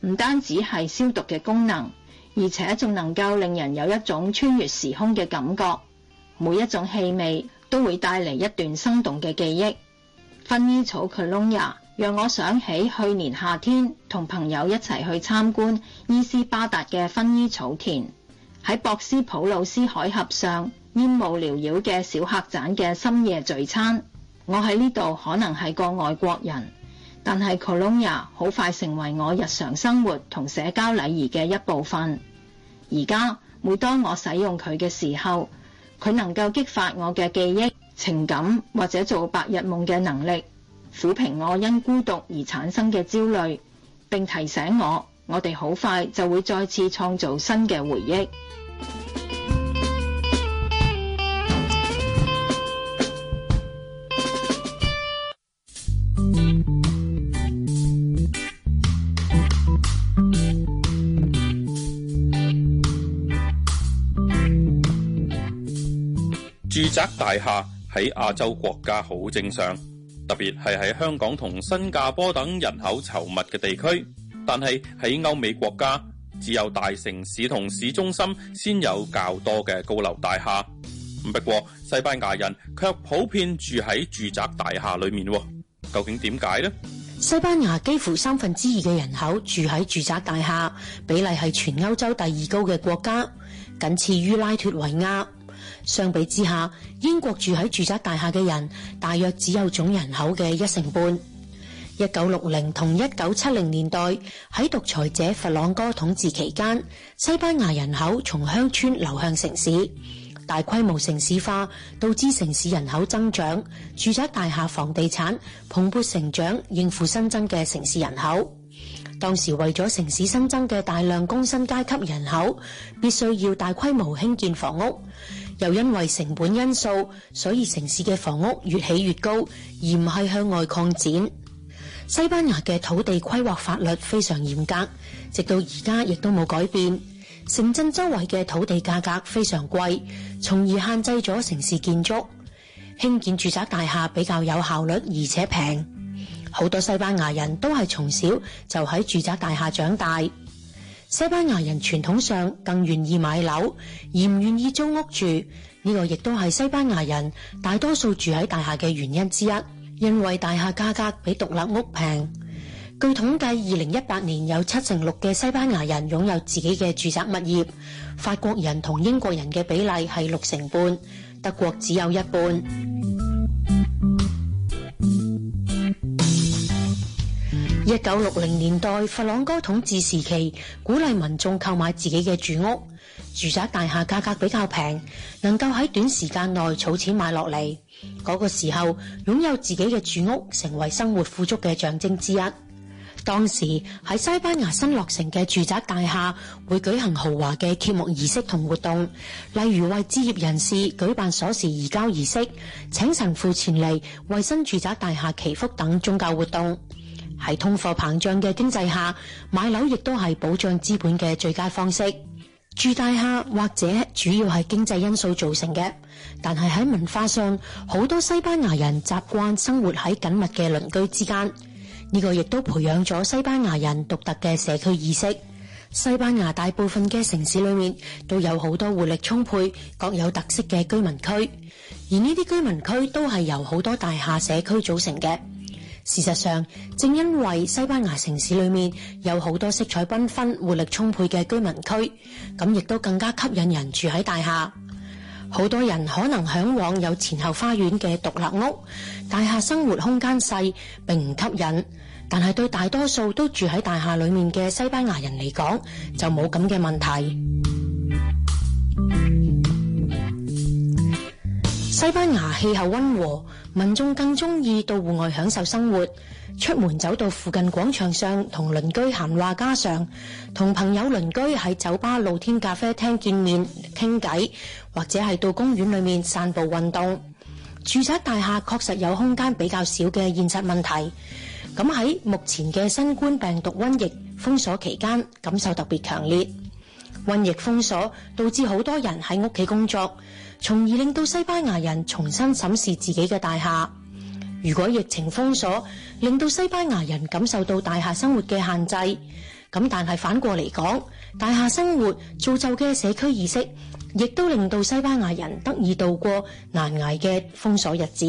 唔單止係消毒嘅功能。而且仲能夠令人有一種穿越時空嘅感覺，每一種氣味都會帶嚟一段生動嘅記憶。薰衣草 Kolonya，讓我想起去年夏天同朋友一齊去參觀伊斯巴達嘅薰衣草田，喺博斯普魯斯海峽上煙霧繚繞嘅小客棧嘅深夜聚餐。我喺呢度可能係個外國人。但係，Colonia 好快成為我日常生活同社交禮儀嘅一部分。而家每當我使用佢嘅時候，佢能夠激發我嘅記憶、情感或者做白日夢嘅能力，撫平我因孤獨而產生嘅焦慮，並提醒我，我哋好快就會再次創造新嘅回憶。住宅大廈喺亞洲國家好正常，特別係喺香港同新加坡等人口稠密嘅地區。但係喺歐美國家，只有大城市同市中心先有較多嘅高樓大廈。不過西班牙人卻普遍住喺住宅大廈裡面喎。究竟點解呢？西班牙幾乎三分之二嘅人口住喺住宅大廈，比例係全歐洲第二高嘅國家，僅次於拉脫維亞。相比之下，英國住喺住宅大廈嘅人大約只有總人口嘅一成半。一九六零同一九七零年代喺獨裁者弗朗哥統治期間，西班牙人口從鄉村流向城市，大規模城市化導致城市人口增長，住宅大廈房地產蓬勃成長，應付新增嘅城市人口。當時為咗城市新增嘅大量工薪階級人口，必須要大規模興建房屋。又因為成本因素，所以城市嘅房屋越起越高，而唔係向外擴展。西班牙嘅土地規劃法律非常嚴格，直到而家亦都冇改變。城鎮周圍嘅土地價格非常貴，從而限制咗城市建築。興建住宅大廈比較有效率，而且平。好多西班牙人都係從小就喺住宅大廈長大。西班牙人傳統上更願意買樓，而唔願意租屋住。呢個亦都係西班牙人大多數住喺大廈嘅原因之一，因為大廈價格比獨立屋平。據統計，二零一八年有七成六嘅西班牙人擁有自己嘅住宅物業，法國人同英國人嘅比例係六成半，德國只有一半。一九六零年代，佛朗哥統治時期，鼓勵民眾購買自己嘅住屋，住宅大廈價格比較平，能夠喺短時間內儲錢買落嚟。嗰、那個時候，擁有自己嘅住屋成為生活富足嘅象徵之一。當時喺西班牙新落成嘅住宅大廈會舉行豪華嘅揭幕儀式同活動，例如為置業人士舉辦鎖匙移交儀式，請神父前嚟為新住宅大廈祈福等宗教活動。喺通貨膨脹嘅經濟下，買樓亦都係保障資本嘅最佳方式。住大廈或者主要係經濟因素造成嘅，但係喺文化上，好多西班牙人習慣生活喺緊密嘅鄰居之間，呢個亦都培養咗西班牙人獨特嘅社區意識。西班牙大部分嘅城市裏面都有好多活力充沛、各有特色嘅居民區，而呢啲居民區都係由好多大廈社區組成嘅。事實上，正因為西班牙城市裏面有好多色彩繽紛、活力充沛嘅居民區，咁亦都更加吸引人住喺大廈。好多人可能嚮往有前後花園嘅獨立屋，大廈生活空間細，並唔吸引。但係對大多數都住喺大廈裏面嘅西班牙人嚟講，就冇咁嘅問題。西班牙氣候温和，民眾更中意到戶外享受生活從而令到西班牙人重新審視自己嘅大廈。如果疫情封鎖，令到西班牙人感受到大廈生活嘅限制，咁但係反過嚟講，大廈生活造就嘅社區意識，亦都令到西班牙人得以度過難捱嘅封鎖日子。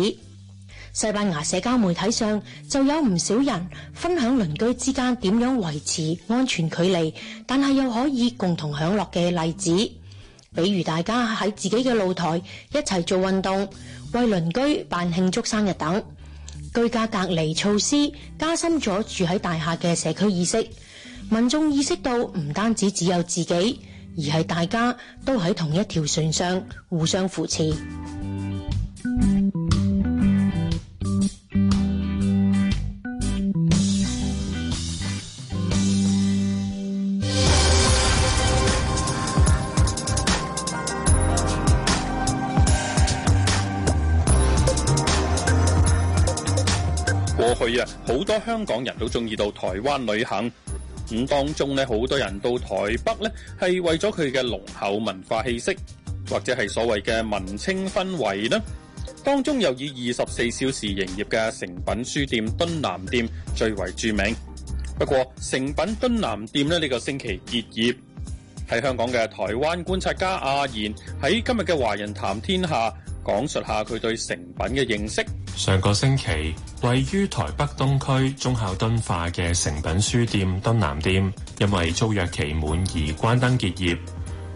西班牙社交媒體上就有唔少人分享鄰居之間點樣維持安全距離，但係又可以共同享樂嘅例子。比如大家喺自己嘅露台一齊做運動，為鄰居辦慶祝生日等，居家隔離措施加深咗住喺大廈嘅社區意識，民眾意識到唔單止只有自己，而係大家都喺同一條船上，互相扶持。佢啊，好多香港人都中意到台灣旅行，咁當中呢，好多人到台北呢，係為咗佢嘅濃厚文化氣息，或者係所謂嘅文青氛圍啦。當中又以二十四小時營業嘅誠品書店敦南店最為著名。不過誠品敦南店呢，呢個星期結業。喺香港嘅台灣觀察家阿然喺今日嘅華人談天下，講述下佢對誠品嘅認識。上個星期，位於台北東區忠孝敦化嘅誠品書店敦南店，因為租約期滿而關燈結業。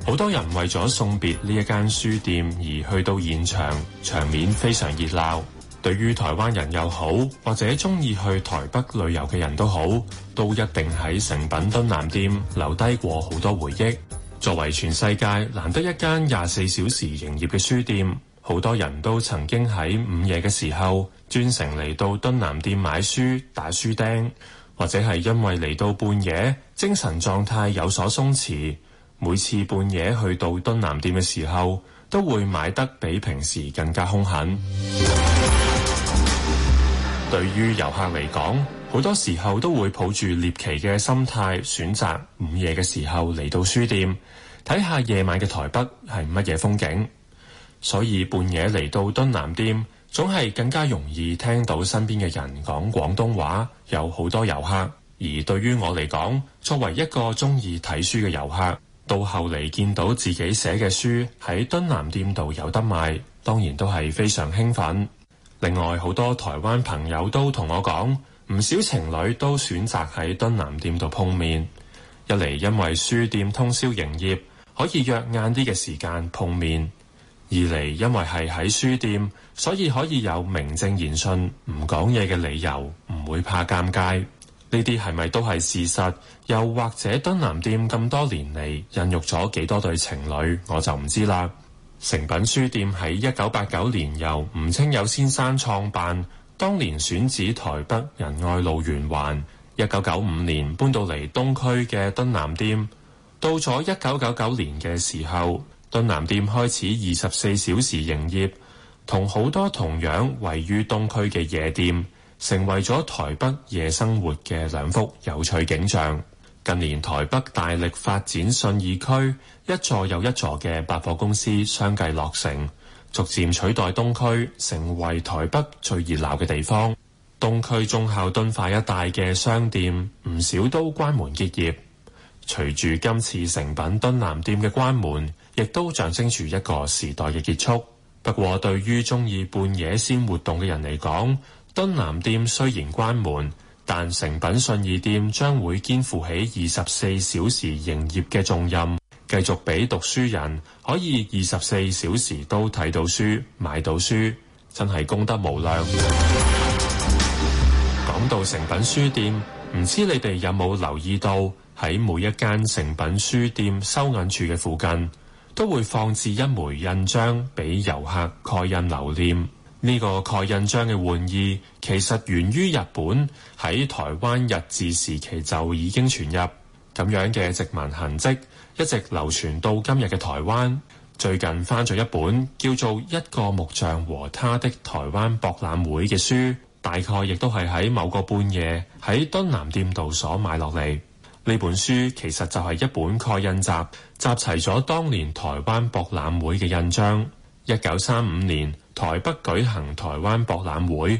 好多人為咗送別呢一間書店而去到現場，場面非常熱鬧。對於台灣人又好，或者中意去台北旅遊嘅人都好，都一定喺誠品敦南店留低過好多回憶。作為全世界難得一間廿四小時營業嘅書店。好多人都曾經喺午夜嘅時候專程嚟到敦南店買書、打書釘，或者係因為嚟到半夜精神狀態有所鬆弛。每次半夜去到敦南店嘅時候，都會買得比平時更加兇狠。對於遊客嚟講，好多時候都會抱住獵奇嘅心態，選擇午夜嘅時候嚟到書店睇下夜晚嘅台北係乜嘢風景。所以半夜嚟到敦南店，總係更加容易聽到身邊嘅人講廣東話，有好多遊客。而對於我嚟講，作為一個中意睇書嘅遊客，到後嚟見到自己寫嘅書喺敦南店度有得賣，當然都係非常興奮。另外，好多台灣朋友都同我講，唔少情侶都選擇喺敦南店度碰面，一嚟因為書店通宵營業，可以約晏啲嘅時間碰面。二嚟，因為係喺書店，所以可以有名正言順唔講嘢嘅理由，唔會怕尷尬。呢啲係咪都係事實？又或者敦南店咁多年嚟，孕育咗幾多對情侶，我就唔知啦。誠品書店喺一九八九年由吳清友先生創辦，當年選址台北仁愛路圓環。一九九五年搬到嚟東區嘅敦南店，到咗一九九九年嘅時候。敦南店開始二十四小時營業，同好多同樣位於東區嘅夜店，成為咗台北夜生活嘅兩幅有趣景象。近年台北大力發展信義區，一座又一座嘅百貨公司相繼落成，逐漸取代東區，成為台北最熱鬧嘅地方。東區忠孝敦化一帶嘅商店唔少都關門結業，隨住今次誠品敦南店嘅關門。亦都象徵住一個時代嘅結束。不過，對於中意半夜先活動嘅人嚟講，敦南店雖然關門，但誠品信義店將會肩負起二十四小時營業嘅重任，繼續俾讀書人可以二十四小時都睇到書、買到書，真係功德無量。講 到誠品書店，唔知你哋有冇留意到喺每一間誠品書店收銀處嘅附近，都會放置一枚印章俾遊客蓋印留念。呢個蓋印章嘅玩意其實源於日本，喺台灣日治時期就已經傳入，咁樣嘅殖民痕跡一直流傳到今日嘅台灣。最近翻咗一本叫做《一個木匠和他的台灣博覽會》嘅書，大概亦都係喺某個半夜喺敦南店度所買落嚟。呢本書其實就係一本蓋印集，集齊咗當年台灣博覽會嘅印章。一九三五年台北舉行台灣博覽會，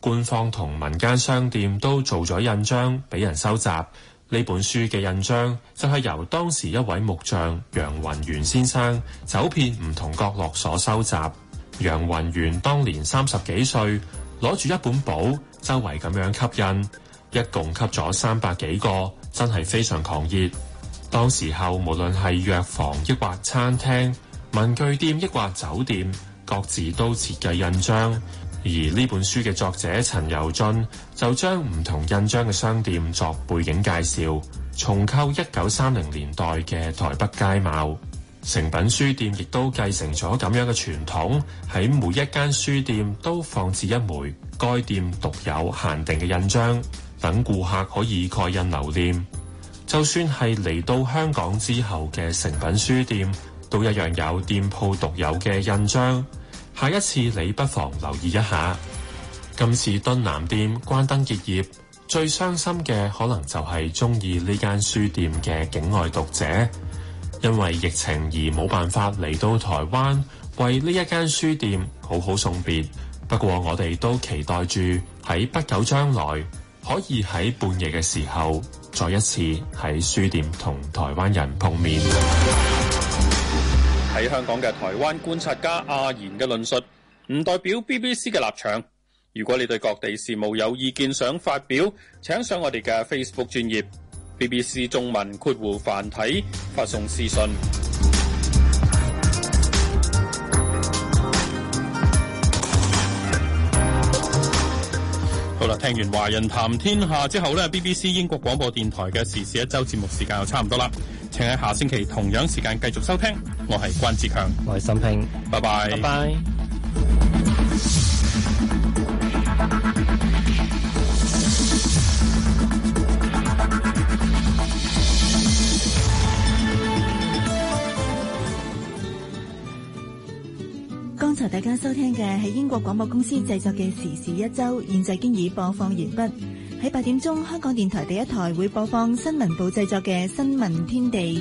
官方同民間商店都做咗印章俾人收集。呢本書嘅印章就係由當時一位木匠楊雲元先生走遍唔同角落所收集。楊雲元，元當年三十幾歲，攞住一本簿，周圍咁樣吸印，一共吸咗三百幾個。真係非常狂熱。當時候，無論係藥房，抑或餐廳、文具店，抑或酒店，各自都設計印章。而呢本書嘅作者陳尤俊就將唔同印章嘅商店作背景介紹，重構一九三零年代嘅台北街貌。誠品書店亦都繼承咗咁樣嘅傳統，喺每一間書店都放置一枚該店獨有限定嘅印章。等顧客可以蓋印留念，就算係嚟到香港之後嘅誠品書店，都一樣有店鋪獨有嘅印章。下一次你不妨留意一下。今次敦南店關燈結業，最傷心嘅可能就係鍾意呢間書店嘅境外讀者，因為疫情而冇辦法嚟到台灣，為呢一間書店好好送別。不過，我哋都期待住喺不久將來。可以喺半夜嘅時候再一次喺書店同台灣人碰面。喺香港嘅台灣觀察家阿賢嘅論述唔代表 BBC 嘅立場。如果你對各地事務有意見想發表，請上我哋嘅 Facebook 專頁 BBC 中文括弧繁體發送私信。好啦，聽完華人談天下之後呢，BBC 英國廣播電台嘅時事一周節目時間又差唔多啦，請喺下星期同樣時間繼續收聽，我係關志強，我係沈冰，拜拜 bye，拜拜。剛才大家收聽嘅係英國廣播公司製作嘅《時事一周》，現在經已播放完畢。喺八點鐘，香港電台第一台會播放新聞部製作嘅《新聞天地》。